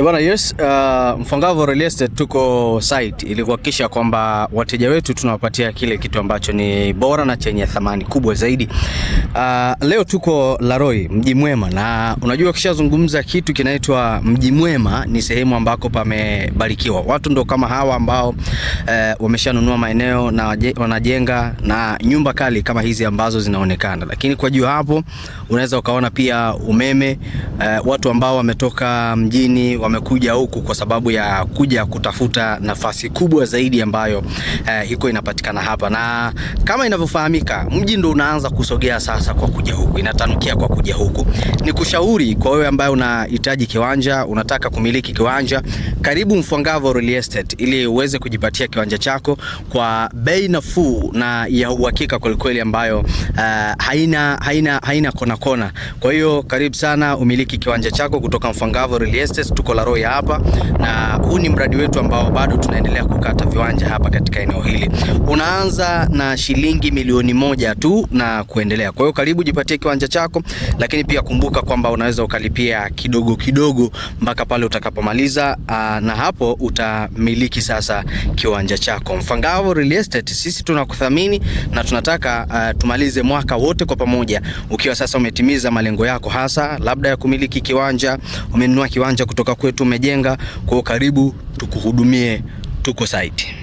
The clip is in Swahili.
Eh, bwana, yes, uh, Mfwangavo Real Estate tuko site ili kuhakikisha kwamba wateja wetu tunawapatia kile kitu ambacho ni bora na chenye thamani kubwa zaidi. Uh, leo tuko Laroi, mji mwema, na unajua kishazungumza kitu kinaitwa mji mwema ni sehemu ambako pamebarikiwa. Watu ndo kama hawa ambao uh, wameshanunua maeneo na wanajenga na nyumba kali kama hizi ambazo zinaonekana, lakini kwa juu hapo unaweza ukaona pia umeme uh, watu ambao wametoka mjini wa wamekuja huku kwa sababu ya kuja kutafuta nafasi kubwa zaidi ambayo eh, iko inapatikana hapa, na kama inavyofahamika mji ndo unaanza kusogea sasa kwa kuja huku, inatanukia kwa kuja huku. Ni kushauri kwa wewe ambaye unahitaji kiwanja, unataka kumiliki kiwanja, karibu Mfwangavo Real Estate ili uweze kujipatia kiwanja chako kwa bei nafuu na ya uhakika kwelikweli, ambayo uh, haina haina haina kona kona. Kwa hiyo karibu sana umiliki kiwanja chako kutoka Mfwangavo Real Estate, tuko la Roy hapa, na huu ni mradi wetu ambao bado tunaendelea kukata viwanja hapa katika eneo hili. Unaanza na shilingi milioni moja tu na kuendelea. Kwa hiyo karibu jipatie kiwanja chako, lakini pia kumbuka kwamba unaweza ukalipia kidogo kidogo mpaka pale utakapomaliza, ah, na hapo utamiliki sasa kiwanja chako. Mfangavo Real Estate, sisi tunakuthamini na tunataka uh, tumalize mwaka wote kwa pamoja ukiwa sasa umetimiza malengo yako hasa labda ya kumiliki kiwanja, umenunua kiwanja kutoka kwetu kwetu umejenga kwa karibu, tukuhudumie, tuko site.